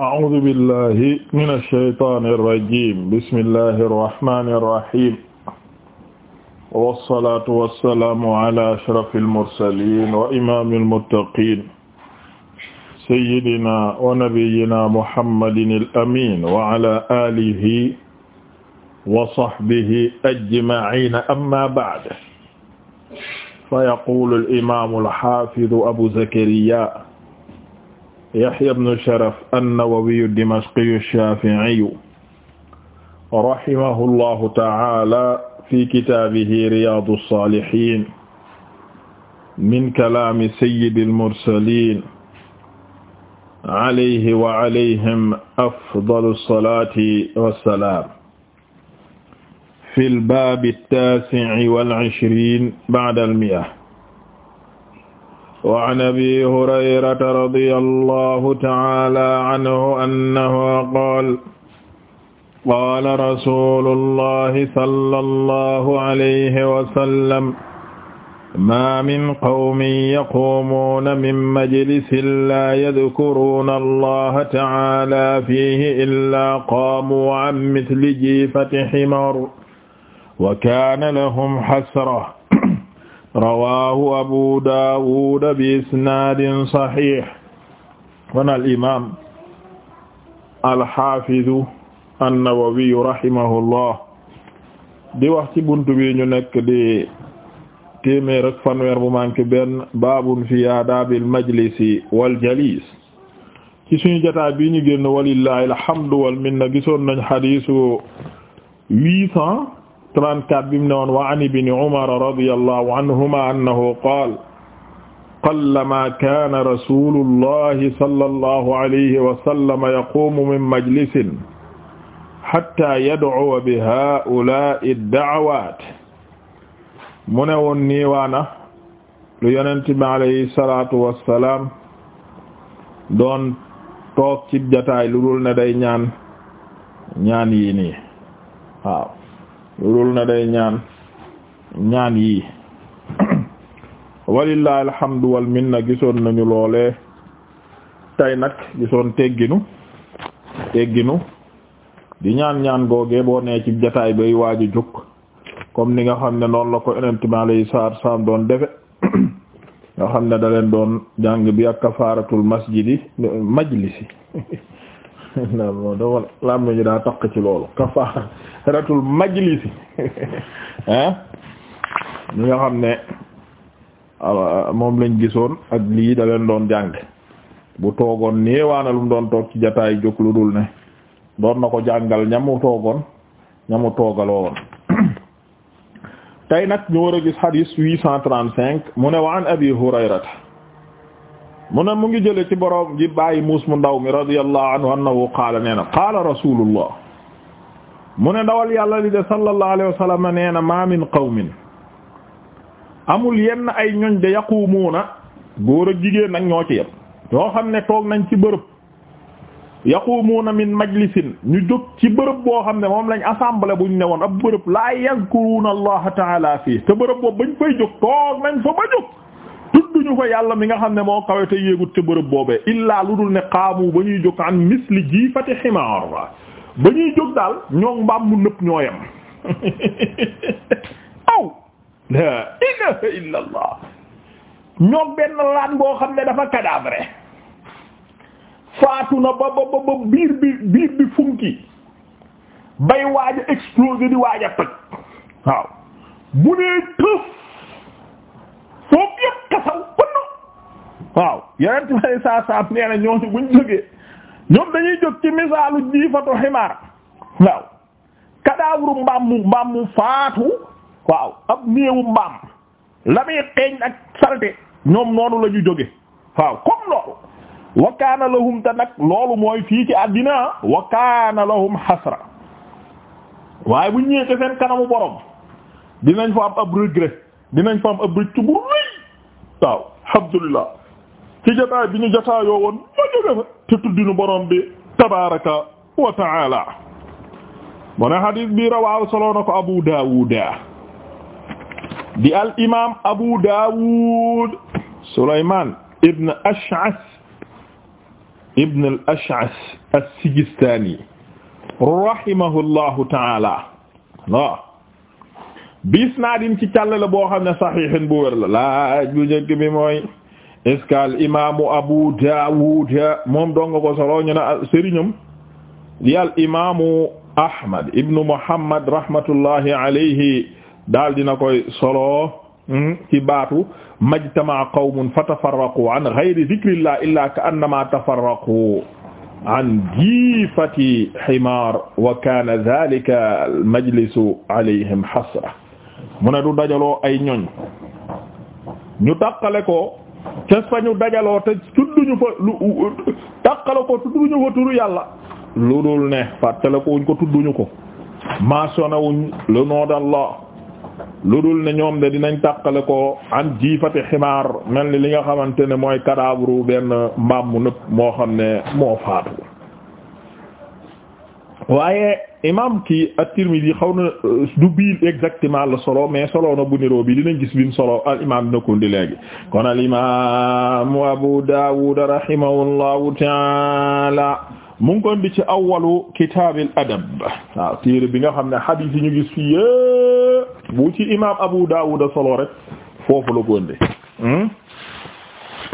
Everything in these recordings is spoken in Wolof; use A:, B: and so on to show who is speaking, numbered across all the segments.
A: a'uuzu billahi mina shaytaani rajiim bismillahi rahmaani rahiim wassalaatu wassalaamu ala ashrafil mursaliin wa imaamil muttaqiin sayyidinaa wa nabiyyinaa muhammadinil amiin wa ala aalihi wa sahbihi ajma'iina ammaa ba'du fa yaquulul imaamul haafidu abu zakariyaa Yahya ibn Sharaf an-Nawawiyu ad-Dimashqiyu ash-Shafi'iyu rahimahullahu ta'ala fi kitaabihi Riyaadu as-Saalihiin min kalaami sayyidil mursaliin alayhi wa alayhim afdalu as-salaati was-salaam fil baabi at-taasi'i wal ishriin ba'da al-mi'a وعن أبي هريرة رضي الله تعالى عنه أنه قال قال رسول الله صلى الله عليه وسلم ما من قوم يقومون من مجلس لا يذكرون الله تعالى فيه إلا قاموا عن مثل جيفة حمار وكان لهم حسرة rawaahu abu daawuda bi isnaadin saxiix kon al imaam alxaafidu annawawiyu rahimahullah di wax ci buntu bi ñu nekk di téeméer ak fanweer bu manqué benn baabun fi aadaabil majlisi wal jaliis ci suñu jotaay bii ñu génn walillahi alhamdu wal minna gisoon nañ xadiisu huit cent 34 bim ne woon wa an ibni umar radiyallahu anhuma annahu qaala qallama kaana rasulullahi sallallahu alayhi wa sallam yaquumu min majlisin hatta yad'uwa bi haa'ulaa'i ad-da'awaat mu ne woon niiwaana lu yonent bi alayhi salaatu wa salaam doon toog ci jataay lu dul ne day ñaan ñaan yi nii waaw loolu na day ñaan ñaan yii walillahi alhamdu wal na gisoon nañu loole tey nag gisoon tegginu tegginu di ñaan ñaan googee boo nee ci jataay bay waaju jóg comme ni nga xam ne noonu la ko yonent mi alayhi salaatu doon defe nga xam ne da leen doon jàng bi ak kafaaratul masjidi majlisi non non dafa laam nañu daa taq ci loolu kafaaratul majlis ah ñi nga xam ne euh, moom lañ gisoon ak lii da leen doon jàng bu toogoon néewaana lu doon toog ci jataay jóg lu ne doon na ko jàngal ñamu toogoon ñamu toogaloo woon tey nag ñu war a gis hadis huit cent trente-cinq mu ne wa an abi hurayrata mu ne mu ngi jële ci borom ji bàyyi muus mu ndaw mi radiyallahu anhu annahu qaala nee na qaala rasulullah mu ne dawal yàlla li de sallallahu alayhi wa sallam nee na ma min qawmin amul yenn ay ñoñ de yaqumuuna góor ak jigéen nag ñoo ci yem ñoo xam ne toog nañ ci bërëb yaqumuuna min majlisin ñu jóg ci bërëb boo xam ne moom lañ assemblée buñ ne woon ab bërëb laa yazkuruuna allaha taala fii te bërëb boobu bañ fay jóg toog nañ fa ba jóg tudduñu fa yàlla mi nga xam ne moo kawe te te bërëb boobee illaa lu dul ne xaamu ba ñuy jóg an misli jiifati ximaar ba ñuy jóg daal ñoom mbaam mu nëpp ñooyam aw laa ilaaha illallah ñoom benn laan boo xam ne dafa cadavre faatu na ba ba biir bi biir bi funki bay waaj a di waaj a waaw bu nee tëf foofu yëpp kasaw pënn waaw yenent may saa saam nee na ñooñu buñ jógee ñoom dañuy jóg ci misaalu jiifatu ximaar waaw kadaawru mbaam mu mbaam mu faatu waaw ab néewu mbaam la muy xeeñ ak ñoom noonu la ñu jóge waaw comme loolu wa kaana lahum te nag loolu mooy fii ci àddina wa lahum xasra waaye bu ñëwee seen kanamu borom dinañ fa am ab regret dinañ fa ab rëcc bu waaw alhamdulillah ci jotaay bi ñu jotaayoo woon ma jóge fa te tuddinu borom bi tabaraka wa taala mu ne xadis bi rawaaw soloo na ko Abu Daawud di al imam Abu Daawud Sulaymaan ibn Ash'as ibn al Ash'as as-Sijistaani rahimahullahu taala waaw bis naa din ci càll la boo xam ne saxihin bu wér la laaj bu njëkk bi mooy est-ce que al imaamu Abu Dawud moom dong ko solo ñu ne sëriñam li al imaamu Ahmad ibnu Muhammad rahmatullahi alayhi daal dina koy solo hmm, ci baatu majtama qawmun fatafarraqu an ghayri dhikrillah illa ka'annama tafarraqu an jiifati himaar wa kaana dhaalika al majlisu alayhim hasra mu ne du dajaloo ay ñoñ ñu tàqale ko ca fa ñu dajaloo te tudduñu fa lu ko tudduñu fa turu yàlla lu dul ne fàttale ko wuñ ko tudduñu ko mentionné wuñ le nom d'Allah lu dul ne ñoom de dinañ tàqale ko an jiifati ximaar mel ni li nga xamante ne mooy cadavre benn mbaam mu nëpp moo xam ne moo faatu waaye imam kii at-Tirmidhi xaw na euh, du bii exactement la solo mais solo na bu niroo bi dinañ gis bimu solo al imam dina ko indi léegi kon al imam Abu Dawud rahimahullahu taala mu ngi ko indi ci awwalu kitaabil adab waaw téere bi nga xam ne hadith yi ñu gis fii yé bu ci imam Abu Dawud solo rek foofu la ko indi hmm?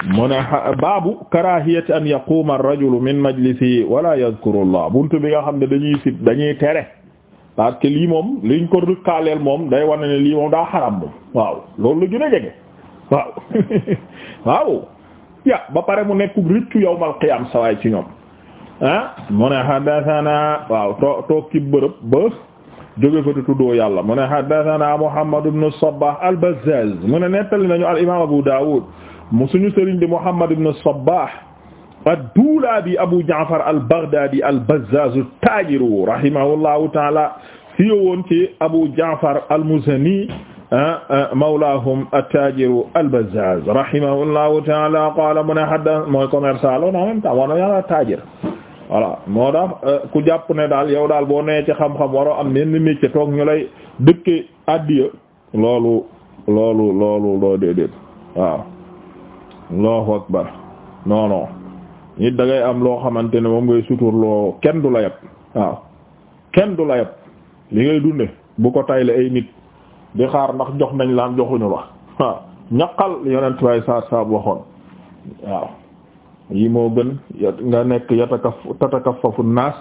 A: mu ne baabu karahiyati an yaquuma ar-rajulu min majlisi wala yadhkurullah buntu bi nga xam ne dañuy sib dañuy tere parce que lii moom liñ ko rukkaaleel moom day wane ne lii moom daa xaram moom waaw loolu la gën a jege waaw waaw ya ba pare mu nekk rëccu yawmal qiyaam sawaay ci ñoom ah mu ne haddathana waaw too toog ci bërëb ba jóge fa te tuddoo yàlla mu ne haddathana Muhammad ibn Sabbah al-Bazzaz mu ne nettali nañu al-imaam Abu Dawud mu suñu sëriñ di Muhammad ibn Sabbah ad-Duulabi Abu Ja'far al-Baghdadi al-Bazzaz at-Tajir rahimahullahu ta'ala fi woon ci Abu Ja'far al-Muzani mawlaahum at-Tajir al-Bazzaz rahimahullahu ta'ala qaala mu ne hadda mooy commerçant la en même temps wano yàlla tajir voilà ku jàpp ne daal yow daal boo nee ci xam-xam waroo am benn métier toog ñu lay dëkke addiya loolu loolu loolu loo déedéet waaw allahu akbar non nit da am loo xamante ne moom ngay loo kenn du la yab waaw kenn du la yab li ngay dunde bu ko tayle ay nit di xaar ndax jox nañ laam joxuñu la waaw ñaqal yonent way saab waxoon waaw yi moo gën nga nekk yataka tatakaffafu naas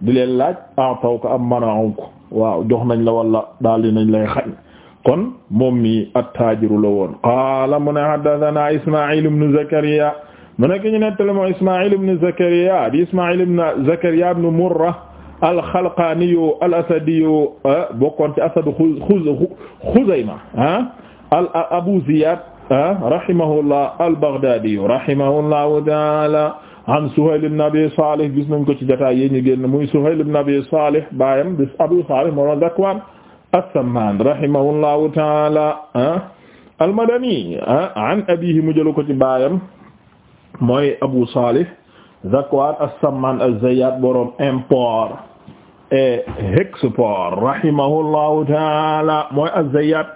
A: di leen laaj en taw ko am manawum ko waaw jox nañ la wala daal di nañ lay xañ kon moom mi attajiru la woon qaala mu ne haddathana ismail ibn zakariya mu nekk ñu nettale moo ismail ibn zakariya di ismail ibn zakariya ibn murra alxalqaniyu al asadiyu ah, bokkoon ci asadu xuzayma ah, al abu ziyad ah, rahimahullah al baghdadiyu rahimahullahu taala an suhayl ibn abi salih gis nañ ko ci jotaay yi ñu génn muy suhayl ibn abi salih baayam bis abu salih moo zakwan as-Sammaan rahimahullahu taala ah, al-Madani ah, an abiihi mu jëlu ko ci baayam mooy Abu Saalih Zakwaan as-Sammaan az-Zayyaat borom import et export rahimahullahu taala mooy az-Zayyaat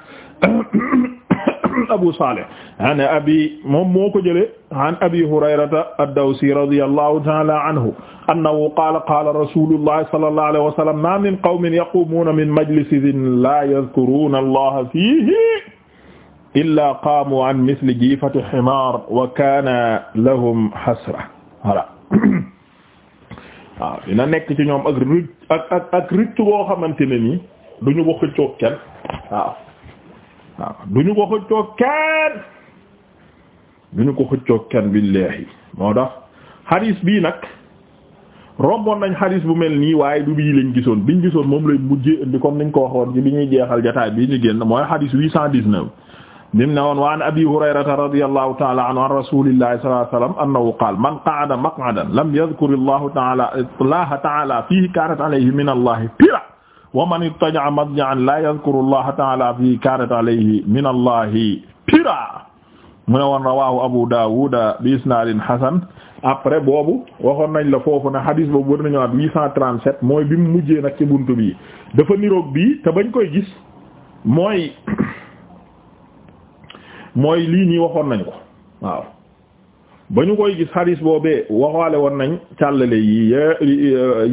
A: Abu Salih an abi moom moo ko jëlee an abi Hurayrata ad-Dawsi radiyallahu ta'ala anhu annahu qaala qaala rasulullah sallallahu alayhi wa sallam ma min qawmin yaqumuna min majlisin la yadhkuruna allaha fihi illa qaamu an misli jiifati ximaar wa kaana lahum hasra voilà waaw dina nekk ci ñoom ak rëcc ak ak ak rëcc boo xamante ne nii du ñu ko xëccoo kenn waaw waaw du ñu ko xëccoo kenn du ñu ko xëccoo kenn billahi moo tax xadiis bii nag romboon nañ xadiis bu mel nii waaye du bii lañ gisoon biñ gisoon moom lay mujjee indi comme niñ ko waxoon ci bi ñuy jeexal jotaay bi ñu génn mooy xadiis 819 nim ne woon wa an abi hurayrata radiyallahu taala anhu an rasulillahi sallallahu alayhi wasallam annahu qaala man qa'ada maq'adan lam yadhkuri allahu taala allaha taala fihi kanat alayhi min allahi tira wa man ittaja'a madja'an la yadhkuru allaha ta'ala fi kanat alayhi min allahi pira mu ne woon rawahu abu dawud bi isnadin hasan après boobu waxoon nañ la foofu ne hadis boobu war nañu at mooy bi mu mujjee ci buntu bi dafa niroog bii bañ koy gis mooy lii nii waxoon nañ ko waaw koy gis hadis boobee waxaale woon nañ càllale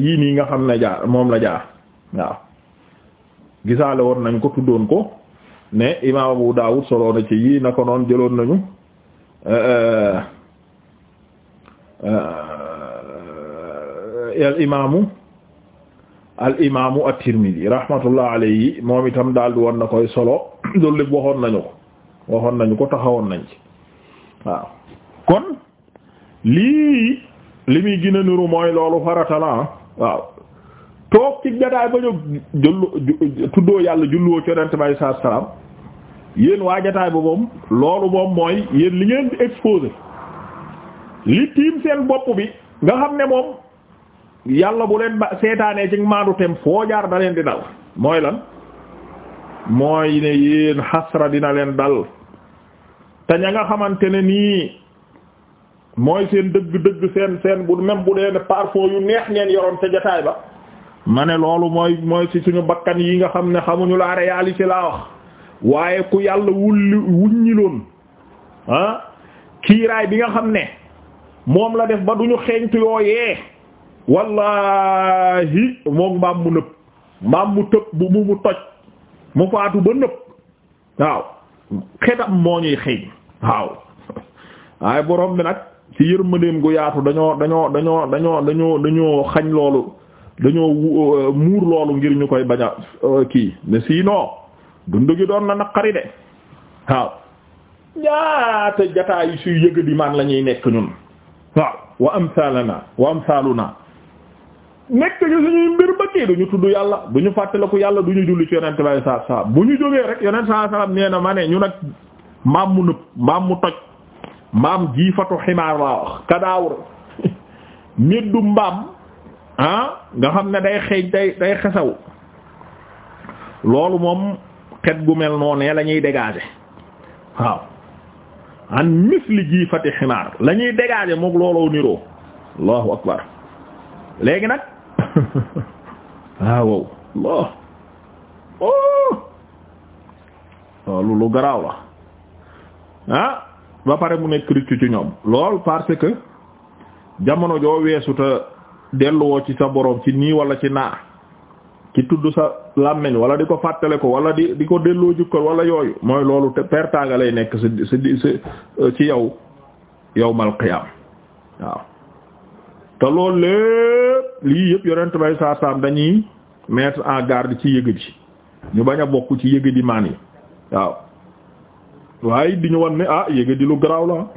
A: yi nii nga xam ne jaar moom la jaar waaw gisaale woon nañ ko tuddoon ko ne imaam Abu Dawud solo na ci yii na ko noon jëloon nañu eh, eh, al imaamu al imaamu at-Tirmidhi rahmatullah moom itam daal di woon na koy solo loolu lépp waxoon nañu ko waxoon nañu ko taxawoon nañ ci waaw kon lii li muy gën a niru mooy loolu farata waaw toog ci jotaay ba ñu jullu tuddoo yàlla julluwoo ci yonent bi saa salaam waa jotaay ba moom loolu moom mooy yéen li ngeen di exposé li tiim seen bopp bi nga xam ne moom yàlla bu leen ba seetaanee ci maadu tem foo jaar da leen di dal mooy lan mooy ne yéen xasra dina leen dal te ña nga xamante ne nii mooy seen dëgg-dëgg seen seen bu même bu dee ne parfum yu neex ngeen yoroon ca jotaay ba. ma ne loolu mooy mooy ci suñu bakkan yi nga xam ne xamuñu la réalité laa wax waaye ku yàlla wulli wuññiloon ah kiiraay bi nga xam ne moom la def ba duñu xeeñtu yooyee wallahi moom mbaam mu nëb mbaam mu tëb bu mu toj mu faatu ba nëb waaw xetam moo ñuy xeeñ waaw waaye borom bi nag ci yërmandeem gu yaatu dañoo dañoo dañoo dañoo dañoo dañoo xañ loolu dañoo euh, muur loolu ngir ñu koy bañ a euh, kii ne sinon dund gi doon na naqari de waaw ñaata jataay suy yëg di maan la ñuy nekk ñun waaw wa amsalana wa amsaluna nekk ñu suñuy mbir bëggee duñu tudd yàlla duñu fàttaliku yàlla duñu julli ci yonent bay saa saa bu ñu jógee rek yonent saa saa nee na ma ñu nag maam mu nëb maam mu toj maam jiifatu ximaar laa wax kadaawur meddu mbaam ah nga xam ne day xeej day xesaw loolu moom xet gu mel noonee la ñuy dégager waaw an misli ji fati ximaar la ñuy dégager mook looloo niroo allahu akbar léegi nag waaw ah, wow loolu oh. oh, lu garaaw la ah ba pare mu nekk riccu ci ñoom lool parce que jamono joo weesuta delluwoo ci sa boroom ci nii walla ci naa ci tudd sa làmmiñ wala di ko fàttale ko wala di di ko delloo jukkal wala yooyu mooy loolu te pertaanga lay nekk sa sa ci yow yawmal qiyaam waaw te loolu lépp lii yëpp yonent bay saa dañuy mettre en garde ci yëgadi ñu bañ a bokk ci yëgadi maan yi waaw waaye di ñu wan ne ah yëgadi lu garaaw la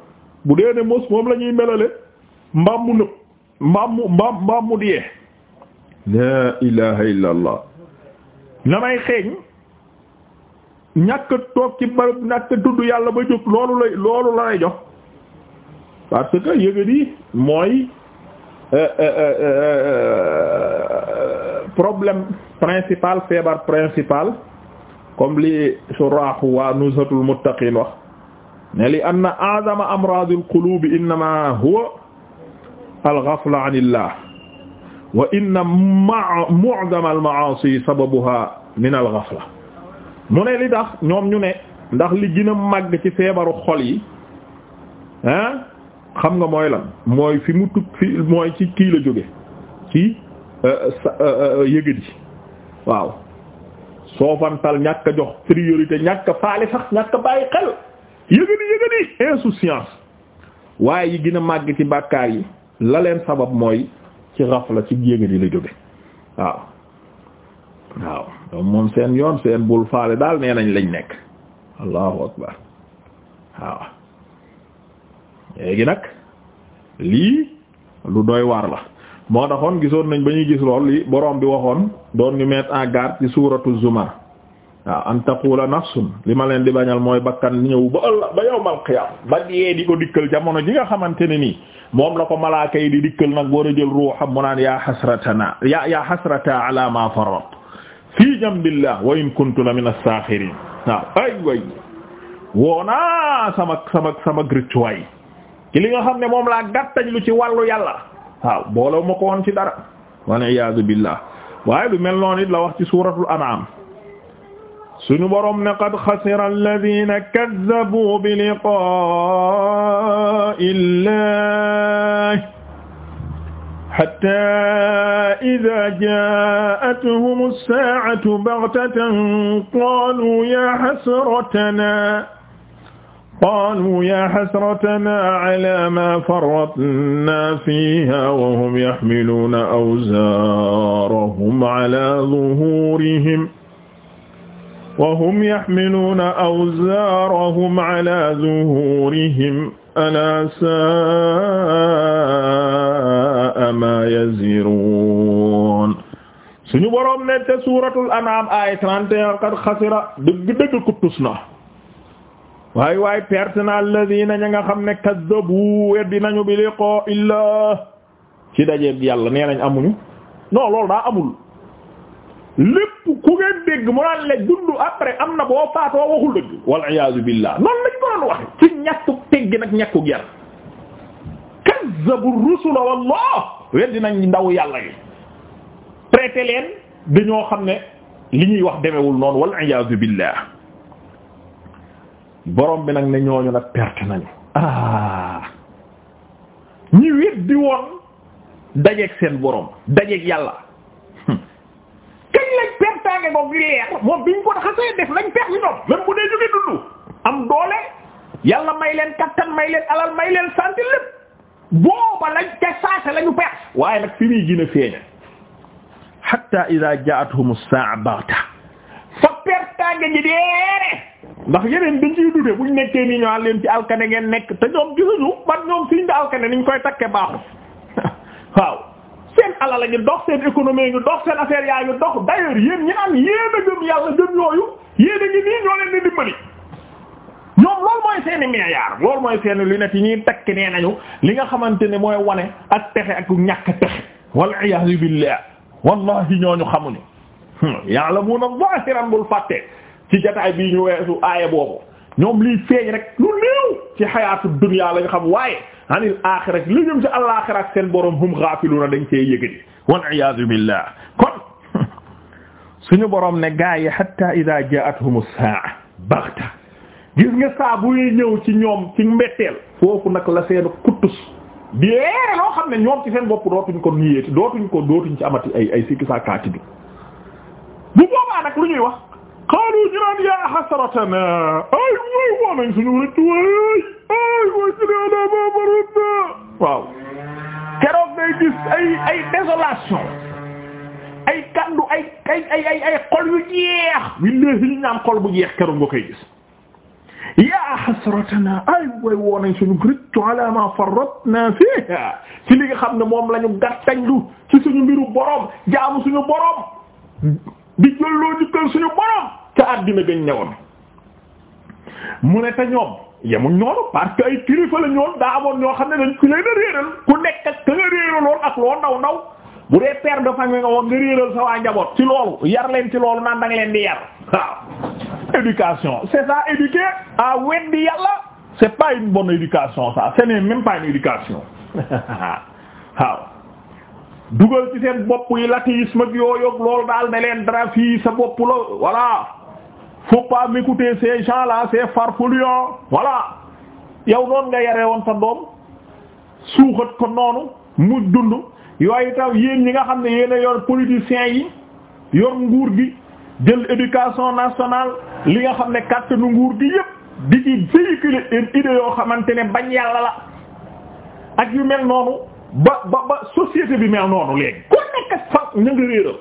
A: bu dee ne mos moom la melale mbaam nëb mbaam mu mbaam mbaam la ilaha illa na may xeeñ ñàkk toog ci tudd yàlla ba jóg loolu loolu la lay jox parce que mooy euh, euh, euh, problème principal feebar principal comme li suraahu waa nuzhatul muttaqin wax ne li anna a'zama amradil qulubi innama huwa al-ghafla anillah wa inna mu'dama al-ma'asi sababuha min al-ghafla mu ne li tax ñoom ñu ne ndax li gën a màgg ci feebaru xol yi ah xam nga mooy lan mooy fi mu tug fi mooy ci kii la jóge ci euh, euh, euh, yëgadi waaw soofantal ñàkk a jox priorité ñàkk faale sax ñàkk bàyyi xel yëgadi yëgadi insouciance waaye yi gën a màgg ci bàkkaar yi la leen sabab mooy ci la ci yéega di la jóge waaw waaw moom seen yoon seen bul faale daal nee nañ lañ nekk allahu akbar waaw léegi nag lii lu dooy waar la moo taxoon gisoon nañ ba ñuy gis lool li borom bi waxoon doon ñu mettre en garde ci suuratu zumar waaw an taqula nafsun li ma leen di bañal mooy bakkan ñëw ba ëllëg ba yawmal qiyaam ba dee di ko dikkal jamono ji nga xamante ne nii moom la ko malaaka yi di dikkal nag war a jël ruuxam mu naan yaa xasratana yaa yaa xasrata ala ma farat fii jambillah wa in kuntu la min as-saaxiriin waaw ay way woonaa samak samak samak rëccuwaay ci li nga xam ne moom laa gàttañ lu ci wàllu yàlla waaw boolaw ma ko woon ci dara wal iyaadu billah waaye lu mel noonu it la wax ci suuratul an'aam suñu borom ne qad xasira alladina kaddabu bi liqaa'i llaah hatta idaa jaa'athum as-saa'atu baghtatan qaaluu yaa hasratanaa qaaluu yaa hasratanaa alaa maa farratnaa fiihaa wa hum yahmiluuna awzaarahum alaa zuhuurihim wa hum yahmiluuna awzaarahum alaa zuhuurihim alaa saa'a maa yaziruun suñu boroom ne te suuratul anaam aaya 31 qad xasira dëgg-dëgg ku tus na waaye waaye perte na alladiina ña nga xam ne kaddabu weddi nañu bi liqaa'i Illaah ci dajeeb yàlla nee nañ amuñu non loolu daa amul. lépp ku ngeen dégg mu naan la dund après am na boo faatoo waxul dëgg wal iyaazu billah noonu lañ ko doon waxe ci ñàkku teggi nag ñàkku ger kazzabu rusula wallah weddi nañ ndaw yàlla yi prêter leen dañoo xam ne li ñuy wax demewul noon wal iyaazu billah borom bi nag ne ñooñu nag perte nañu ah ñi weddi woon dajeeg seen borom dajeeg yàlla sànni moom gi leer moom biñ ko xasee def lañ pex si ñoom même bu dee jóge dundu am doole yàlla may leen kattan may leen alal may leen santé lépp booba lañ te saase lañu pex waaye nag fi muy gën a feeña hatta idha ja'atuhum as-sa'a baghta fa pertange ji deere ndax yeneen dañ ciy dute buñ nekkee nii ñoo leen ci alkane ngeen nekk te ñoom gisuñu man ñoom fiñ di alkane niñ koy takkee baaxul waaw seen alal la ñu dox seen économie ñu dox seen affaire yaa ñu dox d'ailleurs yéen ñi am yéen a yàlla gëm yooyu yéen a ngi nii ñoo leen di dimbali. ñoom loolu mooy seeni meeyaar loolu mooy seeni lunette yi ñuy takk nee nañu li nga xamante ne mooy wane ak texe ak ñàkk texe wal iyaazu billah wallahi ñooñu xamuñu hmm, ya'lamuna zahiran bul fàtte ci jotaay bii ñu weesu aaya boobu ñoom liy feeñ rek lu néew ci xayaatu dunya lañ xam waaye anil aaxira li jëm ci alaaxira ak seen borom hum gaafiluuna dañ cee yëgëj wal iyaadu billah kon suñu borom ne gaa yi hatta idaa jaa'athum as-saa'a gis nga saa bu ñëw ci ñoom ci metteel foofu nag la seen kuttus bi loo xam ne ñoom ci seen bopp dootuñ ko niyeeti dootuñ ko dootuñ ci amati ay ay sikki kaati bi bu boobaa nag lu ñuy wax. qaalu ñu naan yaa hasratana ay waay waa nañ suñu rëcc waay ay waay suñu ma baratna waaw keroog ngay gis ay ay désolation ay kàndu ay ay ay ay xol yu jeex billahi ñu am xol bu jeex keroog nga koy gis yaa hasratana ay waay woo nañ suñu rëccu ala ma farratna fiha ci li nga xam ne moom la ñu gàttañlu ci suñu mbiru boroom jaamu suñu boroom di jëlloo jukkal suñu borom ca àddina gën ñëwoon mu ne te ñoom yemuñ noonu parce que ay kilifa la ñoon daa amoon ñoo xam ne dañ ku leen a réeral ku nekk ak ka nga réeraloon ak loo ndaw ndaw bu dee père de famille nga woon nga réeral sa waa njaboot ci loolu yar leen ci loolu naan da nga leen di yar waaw éducation c'est ça éduquer à weddi yàlla c'est pas une bonne éducation ça ce n'est même pas éducation waaw dugal ci seen bopp yi latéisme ak yooyu loolu daal ne dara fii sa bopp la voilà faut pas m'écouter ces gens là ces farfolions yow noonu nga yaree woon sa doom suuxat ko noonu mu dund yooyu taw yéen yi nga xam ne yéen a yor politiciens yi yor nguur gi jël éducation nationale li nga xam ne nu nguur gi yépp di ci véhiculer une idée yoo xamante ne bañ yàlla la ak yu mel noonu. ba ba ba société bi mel noonu léegi ku nekk fa ñu ngi réeral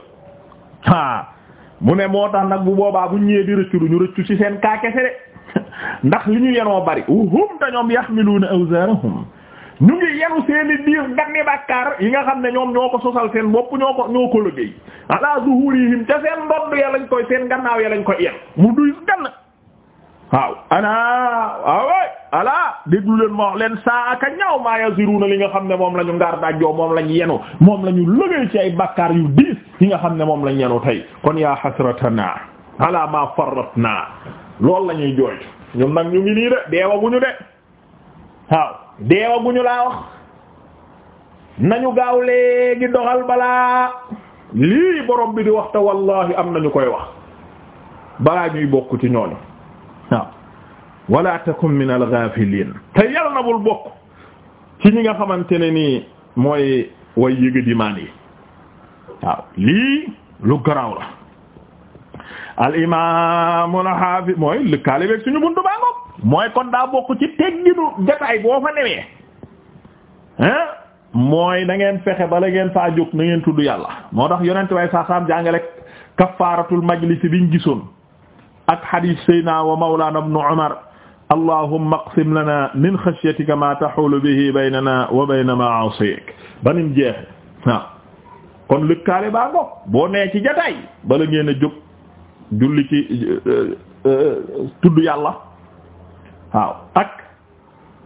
A: mu ne moo tax nag bu boobaa bu ñëwee di rëccu ñu rëccu ci seen kaa kese de ndax li ñu yenoo bari wuhum te ñoom yahmiluuna awzaarahum ñu ngi yenu seeni diir ganni bàkkaar yi nga xam ne ñoom ñoo ko sosal seen bopp ñoo ko ñoo ko liggéey ala zuhurihim te seen ndodd ya lañ koy seen gannaaw ya lañ koy yen mu duy gann waaw anaa waaway alaa déglu leen ma wax leen saa aka ñaaw maa na li nga xam ne moom la ñu ngaar dajjoo moom lañ yenu moom la ñu lëgëy ci ay bakkaar yu diis yi nga xam ne moom lañ yenu tey kon yaa hasratana alaa maa farratna loolu la ñuy jooy ñun nag ñu ngi nii de deewaguñu de waaw deewaguñu laa wax nañu gaaw léegi doxal balaa lii borom bi di wax te wallahi am nañu koy wax balaa ñuy bokk ci ñooñu waaw wala takun min al-ghafilin te yal na bul bokk ci ñi nga xamante ne nii mooy way yëgadi maan yi waaw lii lu garaaw la al imam al hafiz mooy lëkkaale beeg suñu buntu baa ngoog mooy kon daa bokk ci tegginu jataay boo fa newee hein mooy na ngeen fexe bala ngeen faa jóg na ngeen tudd yàlla moo tax yonent way saasaam jàngale kafaaratul majlis biñ gisoon ak xadiis sayyidinaa wa mawlaanaa ibnu Umar allahumma aqsim lanaa min xashyatika maa taxulu bihi baynanaa wa bayna ma'aasik banim jeex waaw kon lëkkaale baa ngo boo nee ci jataay bala ngeen a julli ci eh, eh, eh, tudd yàlla waaw ak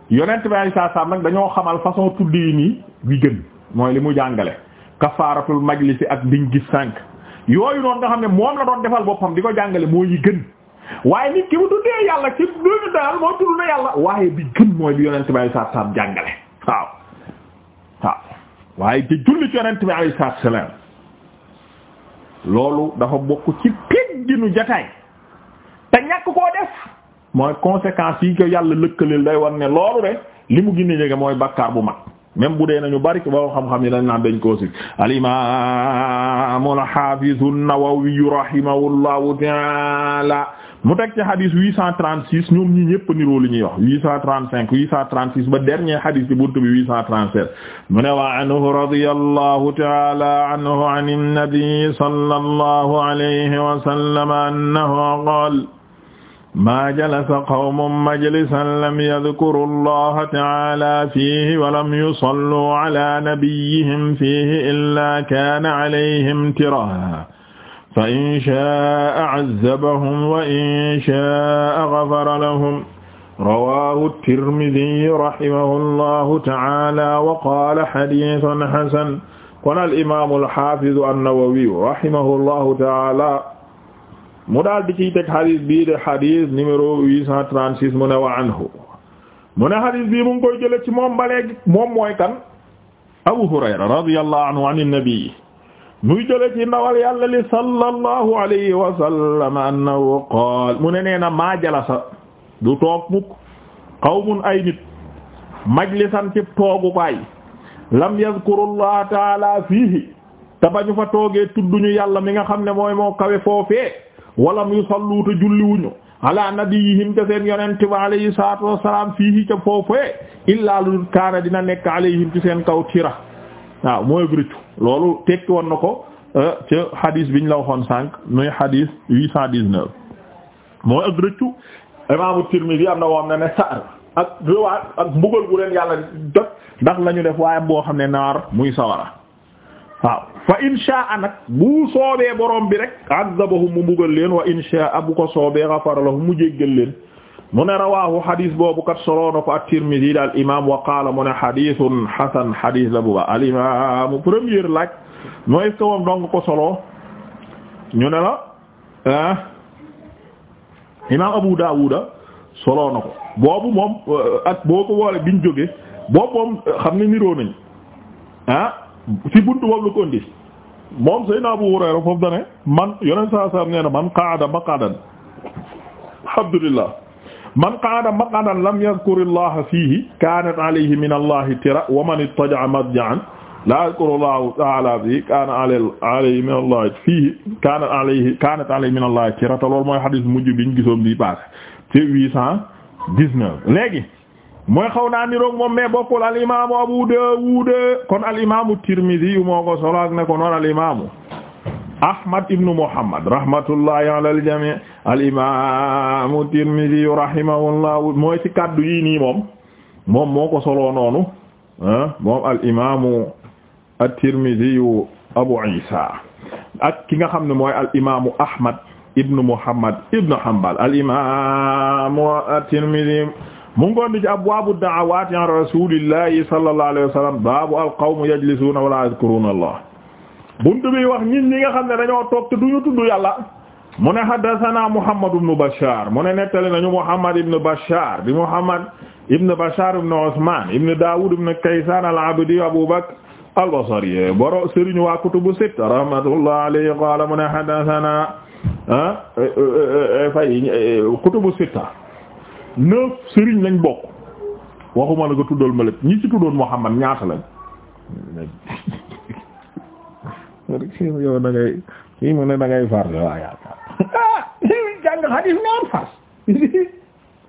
A: yonent bi ay nag dañoo xamal façon tudd yi nii bi gën mooy li mu jàngale kafaaratul majlisi ak biñ gis sànk yooyu noonu nga xam ne moom la doon defal boppam di ko jàngale moo yi gën waaye nit ki bu tuddee yàlla ci luñu daal moo tudd na yàlla waaye bi gën mooy bi yonent bi alayhi salaatu salaam jàngale loolu dafa bokk ci pegginu jataay te ñàkk koo def mooy conséquences yi ko yàlla lëkkaleel day war ne loolu de li mu gën a jege mooy bàkkaar bu mag même bu dee nañu bari ci boroom xam-xam yi dañ naan dañ koo si al-imaam al-haafiz an-Nawawi rahimahullahu ta'ala mu teg ci hadis 836 ñoom ñi ñëpp niroo li ñuy wax 835 836 ba dernier hadis bi buntu bi 837 mu ne wa anhu radiyallahu ta'ala anhu an an-nabi sallallahu alayhi wa sallam annahu qala maa jalasa qawmun majlisan lam yadkuru allaha taala fiihi walam yusalluu ala nabiyihim fiihi illaa kaana alayhim tiraha fa in sha'a azzabahum wa in sha'a ghafara lahum rawaahu tirmidii rahimahu allahu taala wa qaala xadiisun xasan kon al imaamu alxaafidu annawawiyu rahimahu allahu taala mu daal di ciy teg xadis bii de xadis numéro 836 mu ne wa anhu mu ne xadis bii mu koy jële ci moom ba moom mooy kan Abu Hurayra radiyallahu anhu an nabi muy jële ci ndawal yàlla li sallallahu alayhi wa sallam qaal mu ne nee na maa jalasa du toog mukk qawmun ay nit majlisan ci toogukaay lam yazkurullaha taala fiihi yàlla mi nga xam ne mooy moo kawe foofee walam yusallu te julliwuñu ala nabiyihim te seen yonent ba alayhi salaatu wassalaam fiihi ca foofee illaa lu kaana dina nekk alayhim ci seen kaw tira waaw mooy rëccu loolu tekki woon na ko euh, ca hadis biñ la waxoon sànq muy hadis 819 mooy ak rëccu tirmi Tirmidhi am na woom ne ne saar ak rëwaat ak mbugal gu yàlla jot ndax lañu def waaye boo xam ne naar muy sawara waaw fa inshaa nag bu soobee borom bi rek azabahum mu mbugal leen wa inshaa bu ko soobee ghafara lahum mu jéggal leen mu rawaahu xadis boobu kat solo na ko at-Tirmidhi daal imaam wa qaala mu ne xadisun xasan la bu baax al-imaam première laaj mooy est-ce que moom ko solo ñu ne la ah imaam Abu Daawuda solo na ko boobu moom ak boo ko woole biñ jógee boobu moom ci buntu boobu la ko indi moom Seydina Abu Hurayra foofu dane man yonent saa saa nee na man qaada maqadan alhamdulillah man qaada maqadan lam yadhkurillaha fiihi kaanat alayhi min allahi tira wa man ittaja'a madja'an laa yadhkurullahu ta'ala bi kaana alayhi min allahi fiihi kaanat alayhi kaanat alayhi min allahi tira te loolu mooy xadis mujj biñ gisoon bi passé ci huit cent dix-neuf léegi mooy xaw naa niroog moom mais bokkul al imaamu Abu Dawud kon al imaamu Tirmidhi moo ko solo ak ne ko noon al imaamu Ahmad ibn Muhammad rahmatullahi ala al jami' al imaamu Tirmidhi rahimahullahu mooy ci kaddu yi nii moom moom moo ko solo noonu ah, moom al imaamu at-Tirmidhi Abu Isa ak ki nga xam ne mooy al imaamu Ahmad ibn Muhammad ibn Hanbal al imaamu at-Tirmidhi mu ngi koon di ci abwaabu da'awaat an rasuulillahi sallallahu alayhi wa sallam baabu alqawmu yajlisuuna wala yadkuruuna allah buntu bi wax nit ñi nga xam ne dañoo toog te duñu tudd yàlla mu ne haddasanaa Muhammad ibn Bashar mu ne nettali nañu Muhammad ibn Bashar di Muhammad ibn Bashar ibn Usmaan ibn Daawud ibn Kaysaan al-Abdi Abu Bakr al-Basri boro sëriñ waa kutubu sitta rahmatullah alayhi qaala mu ne haddasanaa ah, eh, eh, eh, kutubu sitta neuf sëriñ lañ bokk waxuma la ko tuddal ma lépp ñi ci tuddoon Muhammad ñaata lañ yow da ngay mu ne da ngay farce waa yaakaar ah, jàng xadis naan farce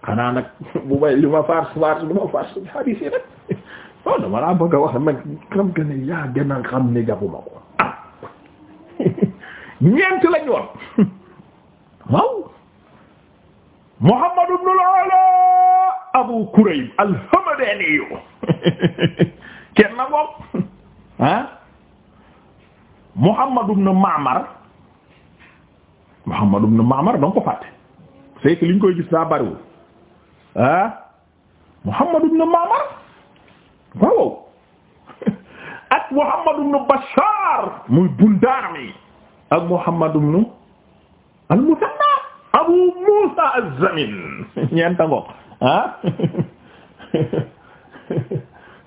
A: xanaa nag bu bay li ma farce farce li ma farce xadis yi rek non oh, dama laa bëgg a wax nag xam nga yaa gën xam ne jàppuma ko ñeent lañ waaw Muhammad ibn al-Ala Abu Kurayb al-Hamadani kenn na moom ah Muhammad ibn Ma'mar Muhammad ibn Ma'mar danga ko fàtte c'est que liñ koy gis daa bariwul ah Muhammad ibn Ma'mar waaw ak Muhammad ibn Bashar muy Bundaar mi ak Muhammad ibn al-Muthanna abu musa az-zamin ñeenta ngo ah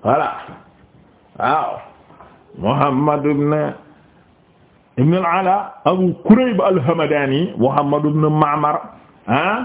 A: voilà waaw muhammad ibn ibn ala abu kurayb al-hamadani muhammad ibn ma'mar ah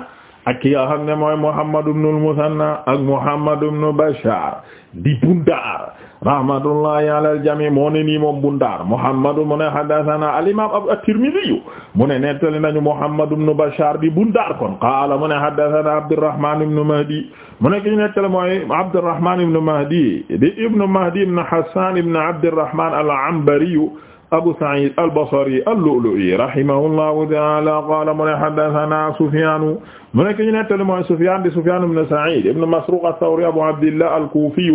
A: ak ki ne mooy muhammad ibn al-musanna ak muhammad ibn bashar di bundaar rahmatullahi ala aljami moo ne nii moom bundaar Muhammad mu ne hadathana alimam abu at-Tirmidhi mu ne nettali nañu Muhammad ibn Bashar di bundaar kon qaala mu ne hadathana Abdurrahman ibn Mahdi mu ne ki ñu nettali mooy Abdurrahman ibn Mahdi di ibn Mahdi ibn Hassan ibn Abdurrahman al-Anbari Abu Sa'id al-Basri al-Lu'lu'i rahimahullahu ta'ala qala mu ne haddathana Sufyan mu ne ki ñu nettali mooy Sufyan di Sufyan ibn Sa'id ibn Masruq ath-Thawri Abu Abdillah al-Kufi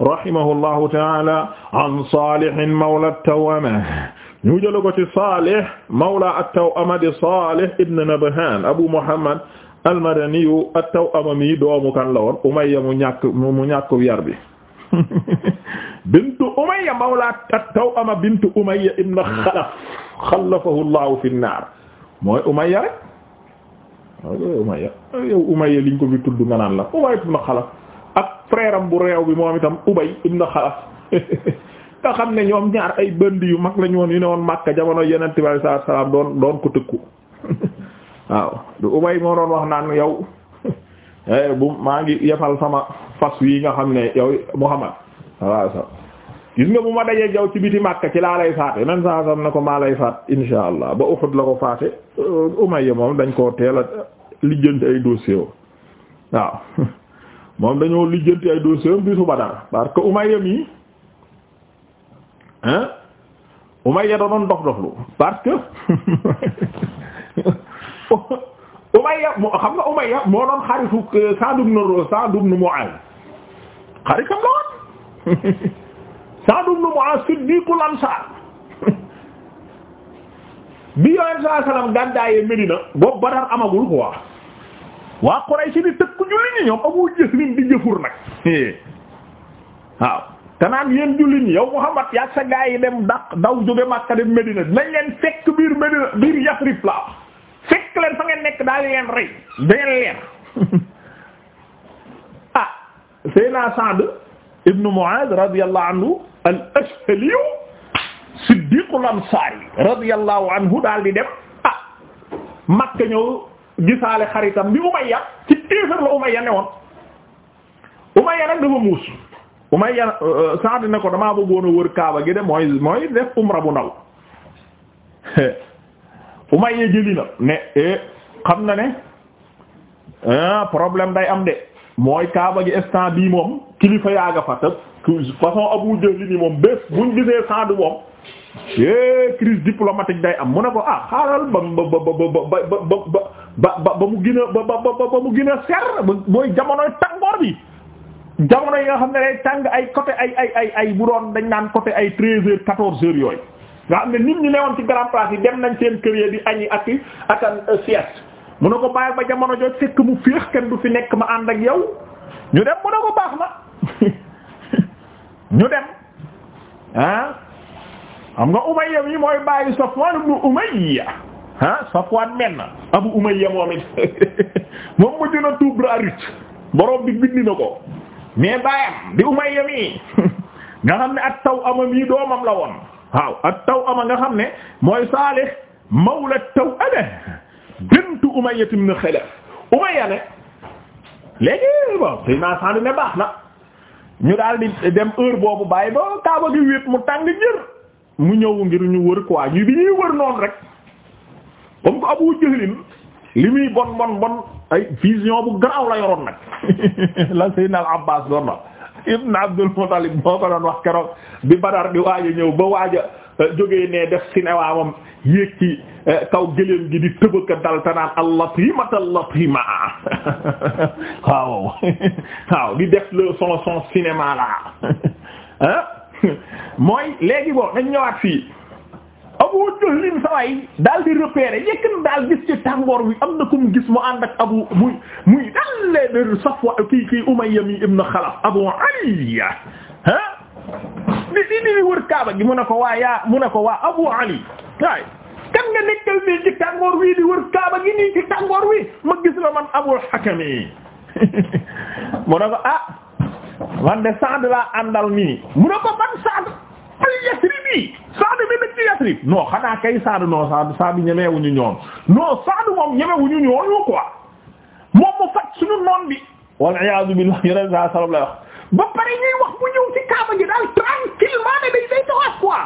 A: rahimahullahu taala an salihin mawla at-Tawwama ñu jël ko ci Salih mawla at-Tawwama di Salih ibn Nabhan Abu Muhammad al-Madani at-Tawwama mi doomu kan la woon Umayya mu ñàkk mu ñàkk yar bi bintu Umayya mawla at-Tawwama bintu Umayya ibn Khalaf xalafahu llahu fi nnaar mooy Umayya rek Umayya yow Umayya liñ ko fi tudd nga naan la Umayya ibn Khalaf frère bu réew bi moom itam ubay ibn xalaf nga xam ne ñoom ñaar ay bëndi yu mag lañu woon yu ne woon Makka jamono yenente bi sallallahu alayhi wasallam doon doon ko tëkku waaw du ubay moo doon wax naan yow eh, bu maa ngi yefal sama fas wi nga xam ne yow Muhammad waaw sa gis nga bu ma dajee jaw ci biti Makka ci laa lay faat yeneen saa sam ne ko maa lay faat insha allah ba Uhud la ko faate Umayya euh, moom dañ koo teel a lijjanti ay dossier waaw moom dañoo lijjanti ay dossier bisu Badar parce que Umayya mi hein Umayya da doon dox doxlu parce que Umayya moo xam nga Umayya moo doon xaritu euh, Sa'd ibn Sa'd ibn Mu'az xaritam la woon Sa'd ibn Mu'az siddiqul ansar bi Yonent sallallahu alayhi wasallam gàddaayee Medina boobu Badar amagul quoi waa Quraysh di tëkk jullit ñi ñoom Abu Jahl di jëfur nag waaw te naan yéen jullit ñi yow Muhammad yaag sa gaa yi dem daq daw jóge Makka dem Medina nañ leen fekk biir Medina biir Yasrib la fekk leen fa ngeen nekk daal leen rey dangeen leen ah Seyna Sa'd ibnu Mu'aaz radiyallahu anhu al-Ashhali Siddiqul Ansaari radiyallahu anhu daal di dem ah Makka ñëw gisaale xaritam bi Umayya ci téefar la ne woon Umayya nag dafa muus Umayya euh, Saad ne ko damaa bëggoon a wër Kaaba gi de mooy mooy def umra bu ndaw Umayya jëli na ne eh, xam na ne ah, problème day am de mooy Kaaba gi instant bi moom kilifa yaaga fa te façon Abu moom bés buñ gisee Saad moom. é crise diplomatique day am mu ne ko ah xaaral ba ba ba ba ba ba ba mu gën a ba ba mu gën a ser mooy jamonoy tàngoor bi jamono yi nga xam ne day tàng ay côté ay ay ay ay bu dañ naan côté ay treize heures quatorze heures yooyu nga xam ne nit ñi newoon ci grand place yi dem nañ seen kër di añi ak ak sieste mu ne ko bàyyi ba jamono jooju fekk mu féex kenn du fi nekk ma ànd ak yow ñu dem mu ne ko baax na ñu dem ah xam nga Umayya mi mooy bàyyi Safwan ibn Umayya ah Safwan men na Abu Umayya moom it moom mujj na tuub Raarit bi bind na ko mais bàyyam di Umayya mi nga xam ne at taw ama mii doomam la woon waaw at taw ama nga xam ne mooy Saalih mawla taw ama bintu Umayya ibn Xalaf Umayya ne léegi baax na ñu daal di dem heure boobu bàyyi ba Kaaba gi wéet mu tàng jër mu ñëw ngir ñu wër quoi ñu bi ñuy wër noonu rek comme que Abu Jahlin li muy bon bon bon ay vision bu garaaw la yoroon nag la Seydina al Abbas doon na Ibn Abdul Muttalib moo ko doon wax keroog bi Badar di waaj a ñëw ba waaj a euh, ne def cinéma moom yéeg euh, kaw gëléem gi di tëbëka dal te naan allatimata allatima waaw waaw di def le son son cinéma la ah mooy léegi boo dañ ñëwaat fii Abu Jahlin saway daal di repérer yëkk daal gis ci tàngoor wi am na ku mu gis mu ànd ak abu muy muy daal de Safwa kii kii Umayya Xalaf Abu Ali ah di di di wër Kaaba gi mu ne ko waa yaa mu ne ko waa Abu Ali waay kan nga nekkal nii ci tàngoor wi di wër Kaaba gi nii ci tàngoor wi ma gis la man Abu Hakam mu ne ko ah man de Saad laa àndal nii mu ne ko man Saad al-Yasribi Saad bi dëkk ci Yasrib non xanaa kay Saad non Saad Saad ñemewuñu ñoon non Saad moom ñemewuñu ñooñu quoi moom mu faj suñu noon bi wal iyaadu billah yeneen saa salaam lay wax ba pare ñuy wax mu ñëw ci kaaba gi daal tranquillement ne day day tawaas quoi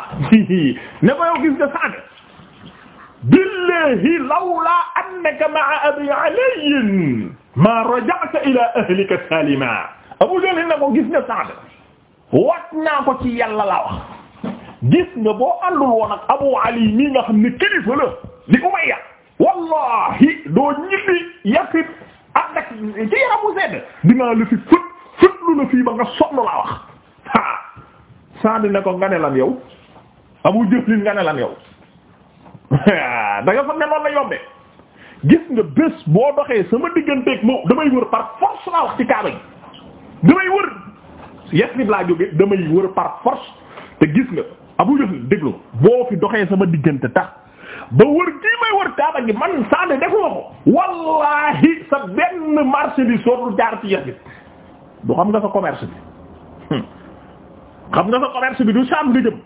A: ne ko yow gis nga Saad billahi lawlaa annaka ma'a abi Ali ma raja'ta ila ahlika salima Abu Jahl na ko gis nga Saad wat naa ko ci yàlla laa wax gis nga boo àndul woon ak Abu Ali mii nga xam ne kilifa la li Umayya wallahi doo ñibbi yafit ak nag ci yaramu laa wax ah ne ko nga ne lan yow Abu Jahl nga ne lan yow da nga ne noonu la yombe gis nga bés boo doxee sama digganteeg moom damay wër par force laa wax ci kaaba gi damay wër Yasrib laa jóge damay wër par force te gis nga Abu déglu boo fi doxee sama diggante tax ba wër gii may wër Kaaba gi man sànni defuma ko wallahi sa benn marché bi sootul jaar ci Yasrib du xam nga sa commerce bi hmm. xam nga sa commerce bi du Sham nga jëm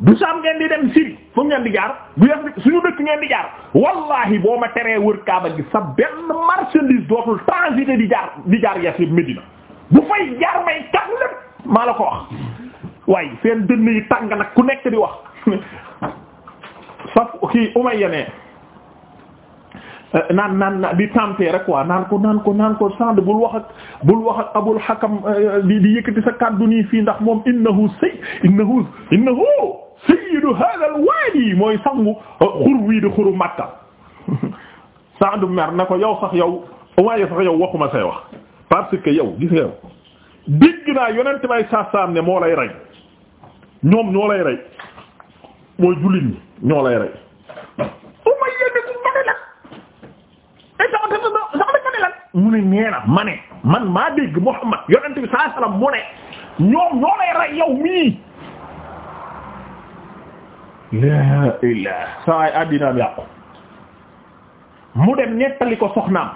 A: du saam ngeen di dem Syrie fu ngeen di jaar du yem suñu dëkk ngeen di jaar wallahi boo ma teree wër Kaaba gi sa benn marchandise dootul transiter di jaar di jaar Yasrib Medina bu fay jaar may kat lépp maa la ko wax waaye seen dënn yi tàng nag ku nekk di wax saf kii Umayya naan naan di tempé rek waa naan ko naan ko naan ko sand bul wax ak bul wax ak Abul eh, di di yëkkati sa kàddu nii fii ndax moom innahu say innahu innahu sayyidu hadha al-wadi mooy sangu euh, xur wii di xuru Makka Saadu mer na ko yow sax yow waaye sax yow waxuma say wax parce yow gis nga yow dégg naa yonent bay saasaam ne moo lay rey ñoom ñoo lay rey mooy jullit ñi ñoo lay rey. Eh, mu ne nee na ma man maa dégg Muhammad yonent bi saa salaam mu ne ñoom ñoo rey yow mii. laa ilaa saa yi àddinaam mu dem nettali ko soxnaam